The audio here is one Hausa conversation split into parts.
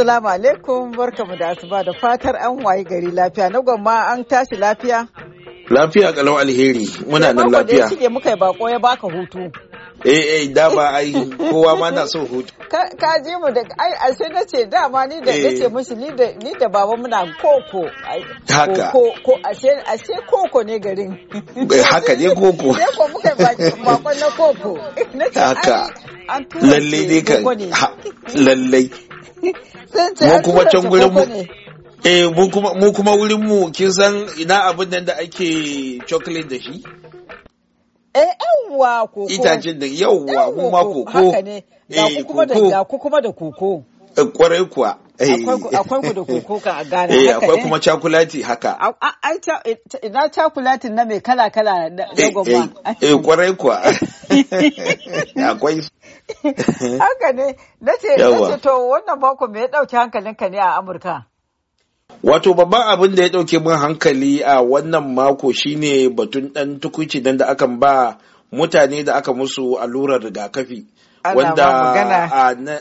Assalamu alaikum barkamu da asuba da fatar an wayi gari lafiya na gwamma an tashi lafiya. Lafiya kalau alheri muna nan lafiya. Sai muka yi bako ya baka hutu. Eh eh dama ai kowa ma na son hutu. Ka ji mu da ai sai na ce dama ni da nace eh. mishi ni da ni da baba muna koko. Haka. Ko ashe ashe koko ne garin. Eh, haka ne koko. Sai ko muka yi bakon na koko. Haka. Lallai ne ka lallai. mu kuma can gurin mu eh mu kuma mu kuma wurin mu kin san ina abin nan da ake chocolate da shi eh yawwa koko itacen da yawwa kuma koko haka ne ga eh, kuma da koko Eh, kwarai kuwa eh. akwai ku da kokoka a eh, haka ne akwai kuma cakulati haka ai ina cakulati na mai kala kala na goma? eh kwarai kuwa akwai haka ne nace to wannan bako me ya hankalin ka ne a Amurka Wato babban abin da ya ɗauke min hankali a wannan mako shine batun ɗan tukuci nan da akan ba mutane da aka musu allurar rigakafi. wanda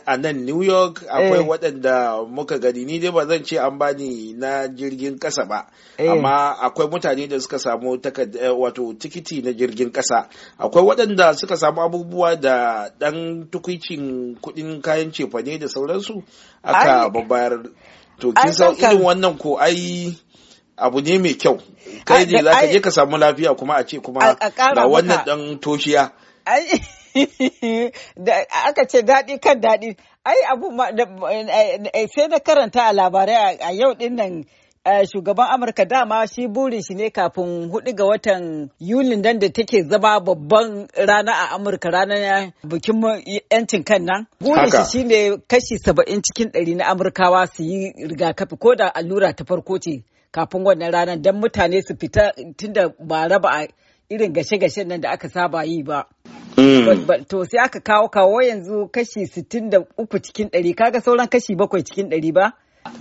a nan New York akwai eh. waɗanda muka gani ni dai ba zan ce an bani na jirgin ƙasa ba eh. amma akwai mutane da suka samu eh, wato tikiti na jirgin ƙasa akwai waɗanda suka samu abubuwa da ɗan tukwicin kuɗin kayan cefane da sauransu aka babbayar to kin san irin wannan ko ai abu ne mai kyau kai ne za ka je ka samu lafiya kuma a ce kuma ga wannan ɗan toshiya aka ce daɗi kan daɗi ai abu eh, eh, sai na karanta a labarai a yau din nan eh, shugaban amurka dama shi burin shi ne kafin hudu ga watan Yuli nan da take zama babban rana a amurka ranar bikin yancin kan nan burin shi shine kashi saba'in cikin ɗari na amurkawa su yi rigakafi ko da allura ta farko ce kafin wannan ranar don mutane su fita tunda ba raba irin gashe-gashen nan da aka saba yi ba Mm. to sai aka kawo kawo yanzu kashi 63 cikin 100 kaga sauran kashi 7 cikin 100 ba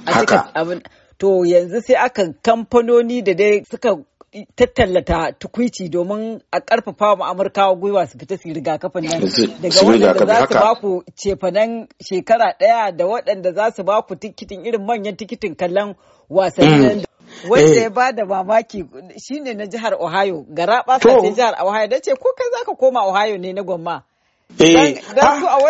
a cikin to yanzu sai aka kamfanoni da dai suka tattallata tukwici domin a karfafa wa amurkawa gwiwa su fita su rigakafin nan daga waɗanda za su ba ku cefanen shekara ɗaya da waɗanda za su ba ku tikitin irin manyan tikitin kallon wasannin mm. wanda eh. ya ba da mamaki shine na jihar Ohio gara basa ta jihar Ohio da ce ko kai zaka koma Ohio ne na gwamma eh. ah.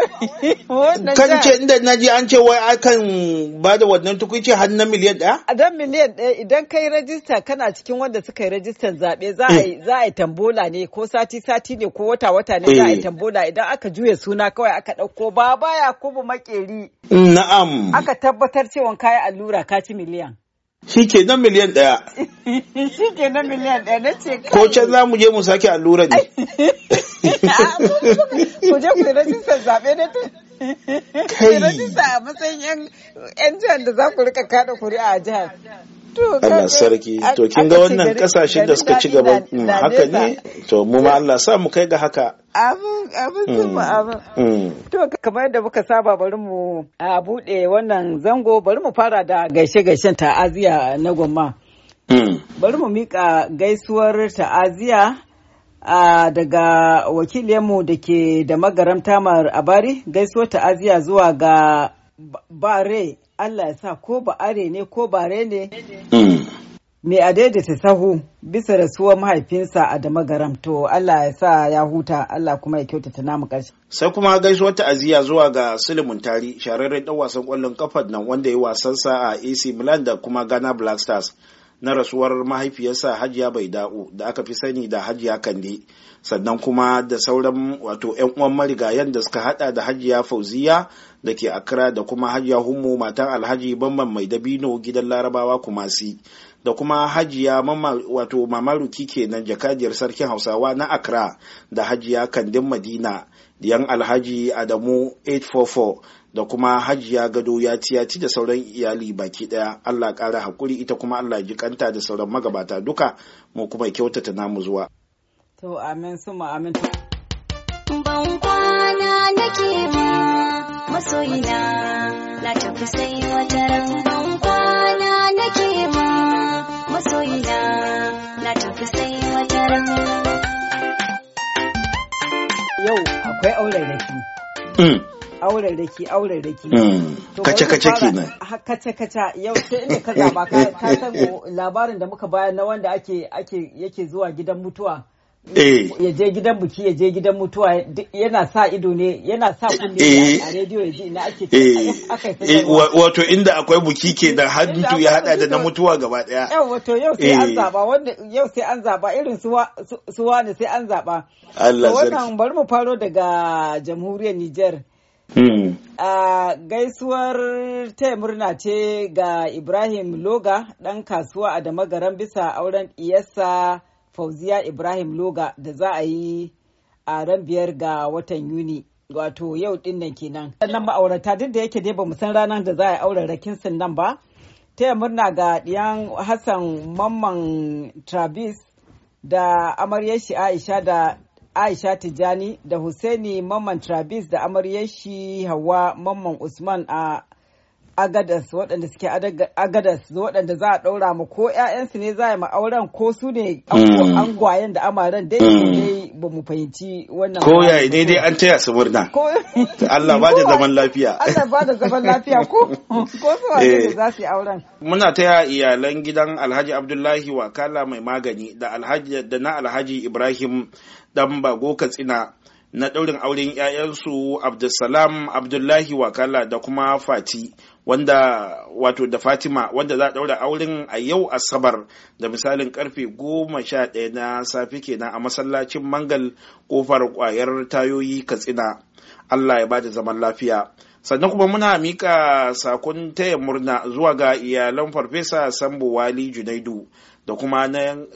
kan ce inda na ji an ce wai akan ba da wannan tukunci har na miliyan ɗaya? A dan miliyan ɗaya idan kai rajista kana cikin wanda suka yi rajistan zaɓe eh. za a yi tambola ne ko sati-sati ne ko wata-wata ne za a yi tambola idan aka juya suna kawai aka ɗauko ba baya kuma makeri. Na'am. Aka tabbatar cewa kayan allura ka ci miliyan. Shi ke nan miliyan ɗaya. Shi ke nan miliyan ɗaya na ce kai. Ko can za mu je mu sake allura ne. Ku je ku rajistar zaɓe na ta. Kai. Ku rajista a matsayin 'yan jihar da za ku rika kaɗa kuri'a a jihar. Allah sarki to kin ga wannan kasashen da suka ci gaba mm, haka ne to mu ma Allah sa mu kai ga haka abin abin mm, abin mm. to kamar yadda muka saba bari mu a bude wannan zango bari mu fara da gaishe gaishen ta'aziya na gwamma bari mu mika gaisuwar ta'aziya daga wakilinmu da ke da magaram tamar abari gaisuwar ta'aziya zuwa ga bare Allah ya sa ko ba are ne ko bare ne. Hmm. Me a daidaita sahu bisa rasuwar mahaifinsa a da magaram to Allah ya sa ya huta Allah kuma ya kyautata namu ƙarshe. Sai kuma gaisuwar ta'aziyya zuwa ga Suleiman Tari shahararren ɗan wasan ƙwallon kafar nan wanda ya sa a AC Milan da kuma Ghana Black Stars na rasuwar mahaifiyarsa Hajiya Bai da aka fi sani da Hajiya Kande. sannan kuma da sauran wato 'yan uwan marigayen da suka hada da hajiya fauziya da ke akra da kuma hajiya hummu matan alhaji bamban mai dabino gidan larabawa kumasi da kuma hajiya wato mamaruki kenan jakadiyar sarkin hausawa na akra da hajiya kandin madina yan alhaji adamu 844 da kuma hajiya gado ya tiyati da sauran iyali baki daya allah ƙara hakuri ita kuma allah ji jikanta da sauran magabata duka mu kuma kyautata namu zuwa To amin su amin. Ban kwana nake ba masoyina na tafi sai wata ran ban kwana nake ba masoyina na tafi sai wata ran. Yau akwai aure hmm. Aure raki auren raki. Kace kace nan. Kace kace yau sai inda ka zaba ka san labarin da muka bayar na wanda ake yake zuwa gidan mutuwa. Eh. ya je gidan buki ya je gidan mutuwa yana sa ido ne yana sa kunne eh. a rediyo ya ji ina ake eh, eh wato inda akwai buki ke da haddutu ya hada da na mutuwa gaba daya yau wato yau sai an zaba wanda yau sai an zaba irin su wani sai an zaba Allah sarki wannan bari mu faro daga jamhuriyar Niger hmm. A gaisuwar taya murna ce ga Ibrahim Loga ɗan kasuwa a Damagaran bisa auren Iyasa. fauziya ibrahim loga da za a yi a ran biyar ga watan yuni wato yau dinnan kenan sannan ma'aurata duk da yake dai ba san ranar da za a yi auren rakin nan ba taya murna ga diyan hassan mamman travis da amaryar aisha da aisha tijani da husaini mamman travis da amaryar shi hawa mamman usman a agadas waɗanda suke agadas waɗanda za a ɗaura mu ko 'ya'yansu ne za a yi auren ko su ne hmm. angwayen da amaran dai hmm. dai ba mu fahimci wannan ko ya ne dai an taya su murna Allah ba da zaman lafiya Allah ba da zaman lafiya ko ko su da eh. za su yi auren muna taya iyalan gidan Alhaji Abdullahi Wakala mai magani da Alhaji da na Alhaji Ibrahim dan Bago Katsina na ɗaurin auren 'ya'yansu abdulsalam abdullahi wakala da kuma fati wanda wato da fatima wanda za a ɗaura auren a yau asabar da misalin karfe goma sha ɗaya na safe kenan a masallacin mangal kofar kwayar tayoyi katsina allah ya bada zaman lafiya sannan kuma muna mika sakon taya murna zuwa ga iyalan farfesa sambo wali junaidu da kuma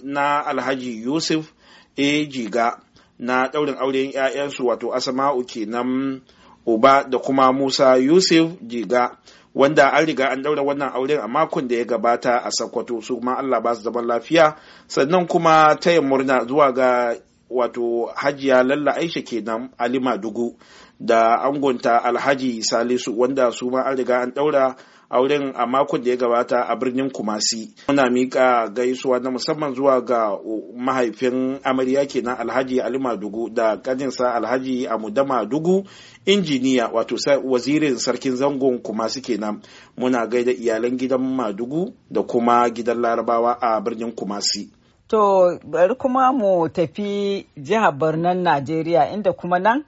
na, alhaji yusuf A. jiga na ɗaurin auren 'ya'yansu wato asama'u kenan uba da kuma musa yusuf jiga wanda an riga an daura wannan auren a makon da ya gabata a sakkwato su kuma allah ba su zaman lafiya sannan kuma taya murna zuwa ga wato hajiya lalla aisha kenan alima dugu da angonta alhaji salisu wanda su ma an riga an daura auren a makon da ya gabata a birnin kumasi muna miƙa gaisuwa na musamman zuwa ga mahaifin amarya kenan alhaji ali madugu da kaninsa alhaji amuda madugu injiniya wato wazirin sarkin zangon kumasi kenan muna gaida iyalan gidan madugu da kuma gidan larabawa a birnin kumasi To bari kuma mu tafi jihar Birnin Najeriya inda kuma nan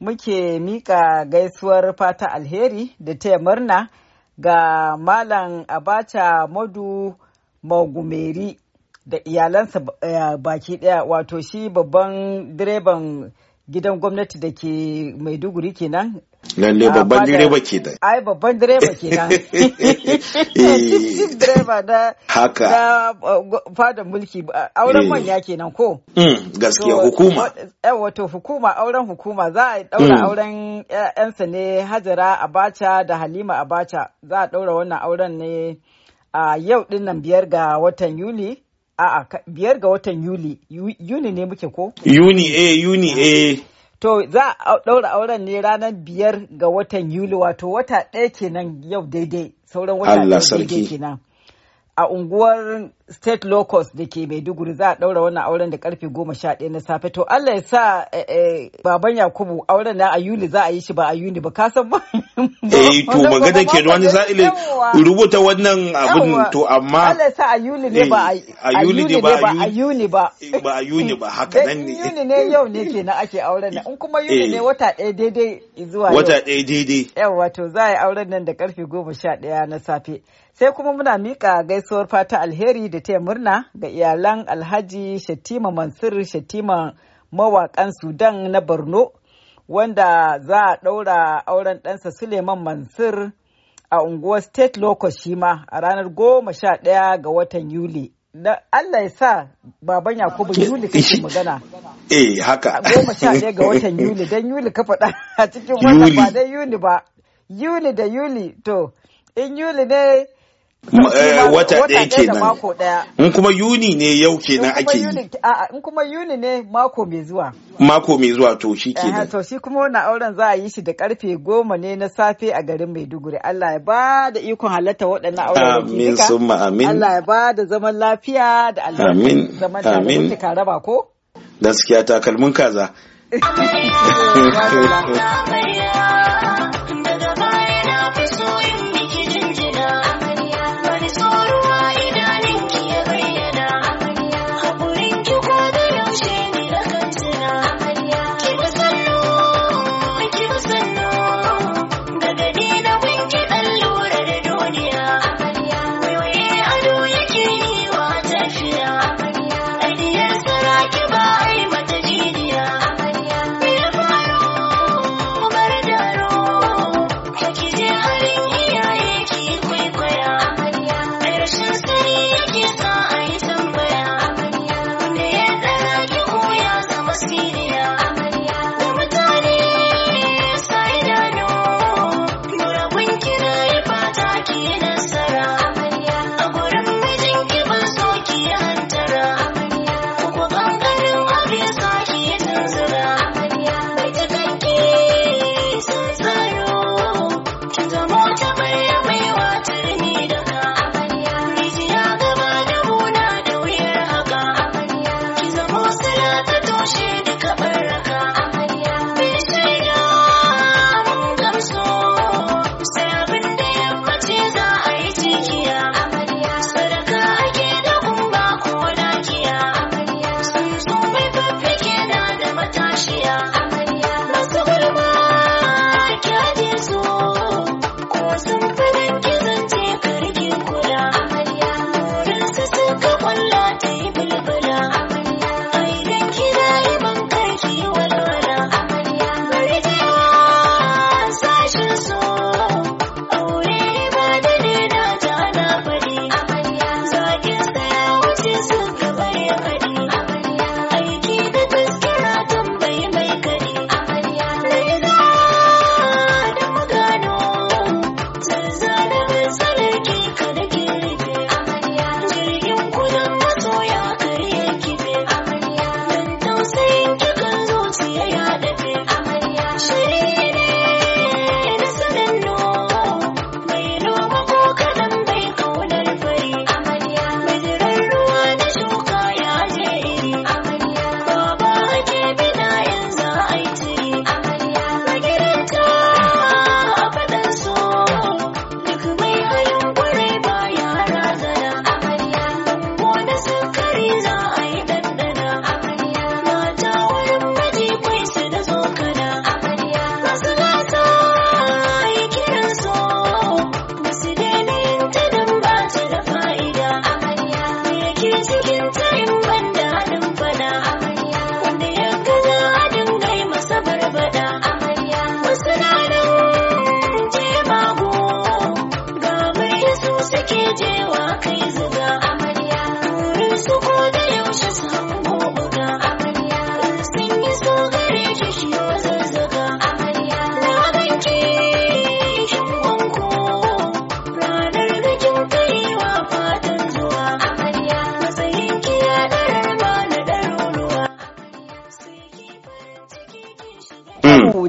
muke mika gaisuwar fata alheri da taya murna ga Malam Abacha Madu Magumeri da iyalansa eh, baki daya wato shi babban direban gidan gwamnati da ke Maiduguri kenan lalle ah, babban direba ke da ai babban direba ke eh. da direba da haka da uh, fadan mulki uh, auren mm. manya kenan ko mm, gaskiya hukuma eh, wato hukuma auren hukuma za a daura mm. auren yansa ne hajara abacha da halima abacha za a daura wannan auren ne a yau dinnan biyar ga watan yuli a biyar ga watan Yuli, Yuni ne muke ko? Yuni, eh, Yuni, eh. To za a ɗaura auren ne ranar biyar ga watan Yuli wato wata ɗaya kenan yau daidai sauran wata ɗaya daidai kenan. a unguwar state locust da ke maiduguri za a ɗaura wannan auren da karfe goma sha ɗaya na safe to allah ya sa eh, eh, baban yakubu auren na a yuli za a yi shi ba a yuni ba kasan ba eh to magana ke wani sa'ile rubuta wannan abin to amma allah ya sa a yuli ne eh, ba a yuli ne ba a yuni ba ba a yuni ba haka nan ne yuni ne yau ne kenan ake auren nan in kuma yuni ne wata ɗaya daidai zuwa wata ɗaya daidai yawa to za a yi auren nan da karfe goma sha ɗaya na safe Sai kuma muna miƙa gaisuwar fata alheri da taya murna ga iyalan Alhaji Shatima Mansur Shatima mawaƙan Sudan na Borno wanda za a ɗaura auren ɗansa Suleiman Mansur a unguwar State Locust shi ma a ranar goma sha ɗaya ga watan Yuli. Da Allah ya sa baban Yakubu Yuli kake magana. Eh haka. Goma sha ɗaya ga watan Yuli don Yuli ka faɗa a cikin wannan ba dai Yuli ba. Yuli da Yuli to in Yuli ne Eh, wata ɗaya kenan in kuma yuni ne yau kenan ake yi in kuma yuni ne mako mai zuwa mako mai zuwa to shi kenan to shi kuma wannan auren za a yi shi da karfe goma ne na safe a garin maiduguri allah ya ba da ikon halatta waɗannan auren amin summa amin allah ya ba da zaman lafiya da zaman ka raba ko gaskiya takalmin kaza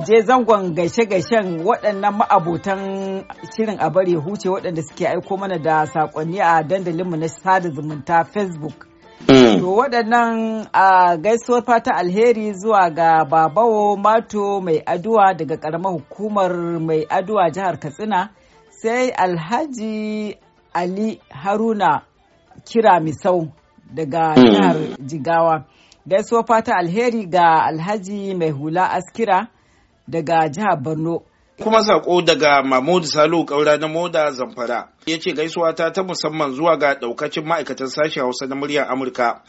je zangon gaishe-gaishen waɗannan ma'abotan shirin a bari huce waɗanda suke aiko mana da saƙonni a dandalinmu na sada zumunta facebook. Mm. To waɗannan a gaisuwar fata alheri zuwa ga babawo mato mai aduwa daga ƙaramar hukumar mai aduwa jihar Katsina sai alhaji Ali Haruna kira misau daga mm. jihar Jigawa. Gaisuwar fata alheri ga alhaji mai hula askira daga jihar Borno. Kuma sako daga Mahmud Salu ƙaura na Moda Zamfara ya ce gaisuwa ta ta musamman zuwa ga ɗaukacin ma'aikatan sashen Hausa na muryar Amurka.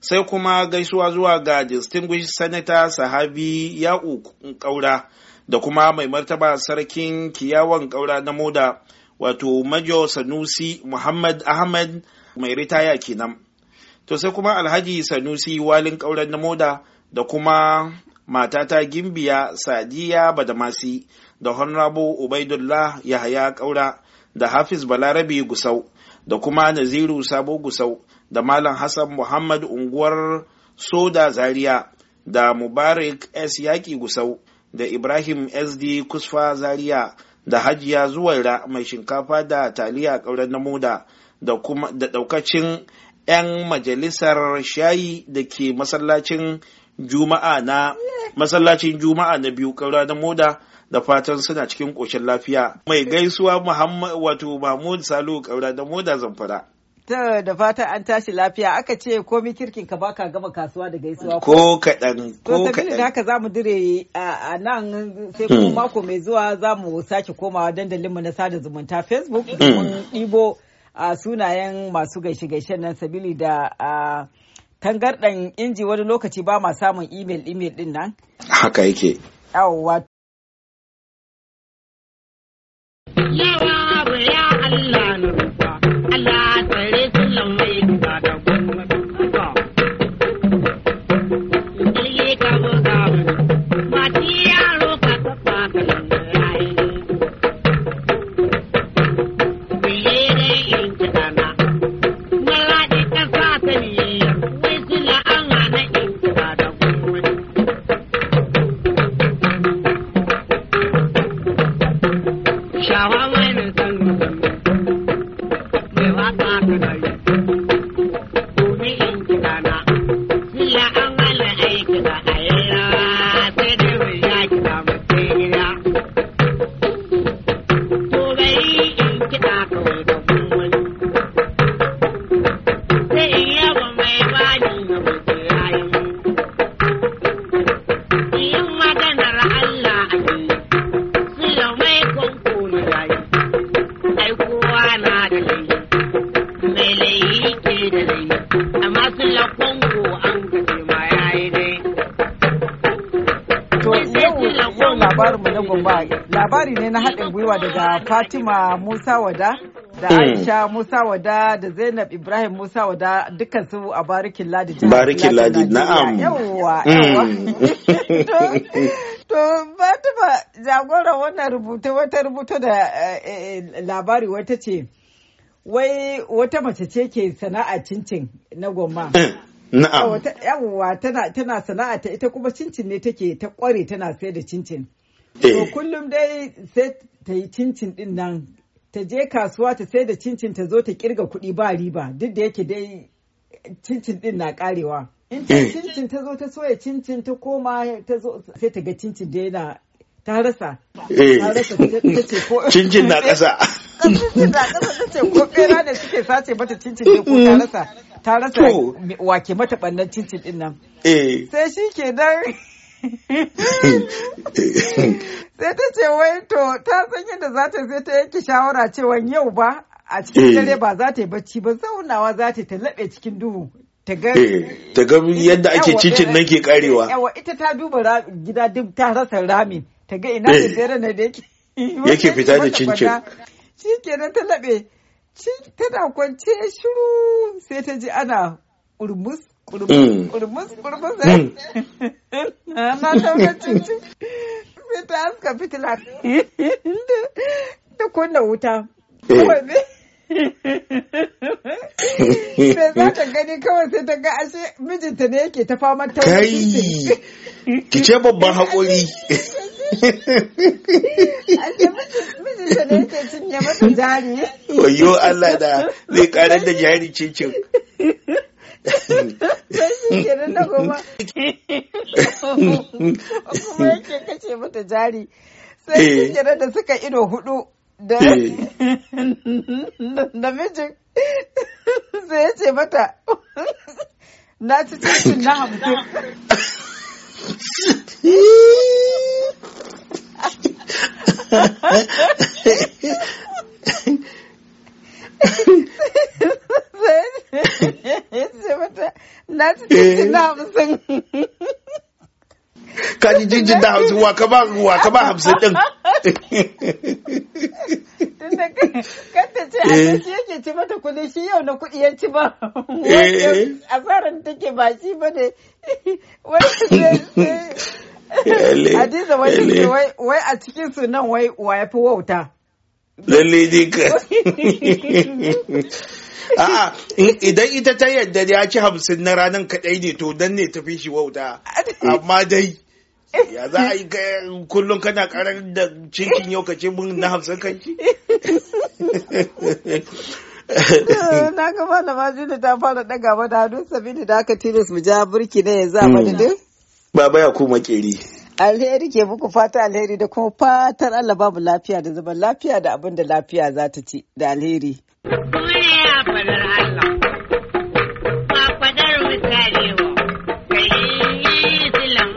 Sai kuma gaisuwa zuwa ga Distinguished Senator Sahabi Ya'u ƙaura da kuma mai martaba sarkin kiyawan ƙaura na Moda wato Majo Sanusi Muhammad Ahmad mai ritaya kenan. To sai kuma Alhaji Sanusi Walin Kauran na Moda da kuma matata gimbiya sadiya badamasi da honrabo ubaidullah yahaya kaura da hafiz Balarabi gusau da kuma naziru sabo gusau da malam hassan muhammad unguwar soda zaria da mubarak s Yaki gusau da ibrahim sd kusfa Zariya da hajiya zuwaira mai shinkafa da taliya kauran namuda da kuma da ɗaukacin 'yan majalisar shayi da ke masallacin juma'a na masallacin juma'a na biyu kaura na moda da fatan suna cikin ƙoshin lafiya mai gaisuwa muhammad wato mahmud salu kaura na moda zamfara da fatan an tashi lafiya aka ce komi kirkin ka baka gama kasuwa da gaisuwa ko kaɗan ko kaɗan da haka zamu dire a nan sai kuma hmm. mako mai zuwa zamu sake komawa dandalinmu na sada zumunta facebook hmm. domin ɗibo a sunayen masu gaishe-gaishen nan sabili da ɗan inji wani lokaci ba ma samun imel imel din nan haka yake yawwa Gombe. Labari ne na haɗin gwiwa daga Fatima Musa Wada da hmm. Aisha Musa Wada da Zainab Ibrahim Musa Wada dukkan su a Barikin Ladi. Barikin Ladi na'am. Yawwa. Hmm. To Fatima jagora wannan rubutu wata rubutu da eh, eh, labari wata ce wai wata mace ce ke sana'a cincin na gomma. Eh, na'am. Yawwa tana sana'a ta ita kuma cincin ne take ta kware tana sai da cincin. To eh. kullum dai sai ta yi cincin din nan ta je kasuwa ta sai da cincin ta zo ta kirga kuɗi ba riba duk da yake dai cincin din na karewa. In ta eh. cincin ta zo ta soya cincin ta koma ta zo sai ta ga cincin da yana ta rasa. Eh. Cincin na ƙasa. Cincin na ƙasa ta ce ko ɓera da suke sace mata cincin ne ko ta rasa. Ta rasa wake mata ɓannan cincin din nan. Sai shi ke nan. sai ta ce wai to ta san yadda za ta zai ta yanke shawara cewa yau ba a cikin dare ba za ta yi bacci ba zaunawa za ta ta laɓe cikin duhu ta ga eh, yadda ake cincin nan ke karewa yawa ita ta duba gida duk ta rasa rami ta ga ina eh. da dare na da yake fita da cincin shi kenan ta laɓe tana kwance shiru sai ta ji ana urmus kurbus kurbus eh na tabbacin sai ta aska fitila ta kunna wuta sai za ta gani kawai sai ta ga ashe mijinta ne yake ta faman ta kai ki ce babban haƙuri mijinta ne yake cinye mata jari wayo Allah da zai karar da jari cincin sai shi kenan na goma kuma yake kace mata jari sai shi eh. kenan da suka ido hudu da namijin eh. sai ya ce mata na ci cikin na hamsin na jinjin da hamsin ka ji jinjin da hamsin wa ka ba wa ka ba hamsin din kanta ce a shi yake ci mata kuɗi shi yau na kuɗi ya ci ba a asarar take ba shi ba ne Hadiza wai wai a cikin su nan wai wa ya fi wauta. Lalle ne ka. a'a idan ita ta yadda ya ci hamsin na ranar kaɗai ne to don ne tafi shi wauta amma dai ya za a yi kullum kana karar da cikin yau ka ce mun na hamsin kanki na ga maji da ta fara daga mana hannu sabini da aka tilas mu ja burki na yanzu a hmm. madadin baba ya kuma keri alheri ke muku fata alheri da kuma fatar Allah babu lafiya da zaman lafiya da abin da lafiya za ta ci da alheri kwalar Allah. Ba kwadar mutane wa, kai yi silan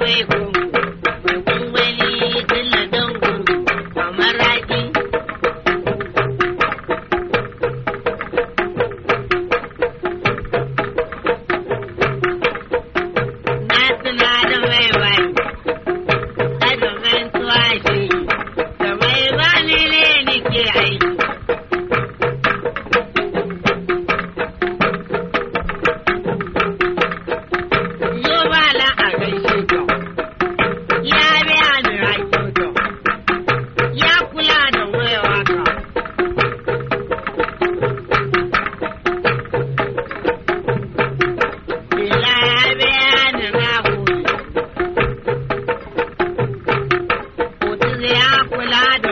la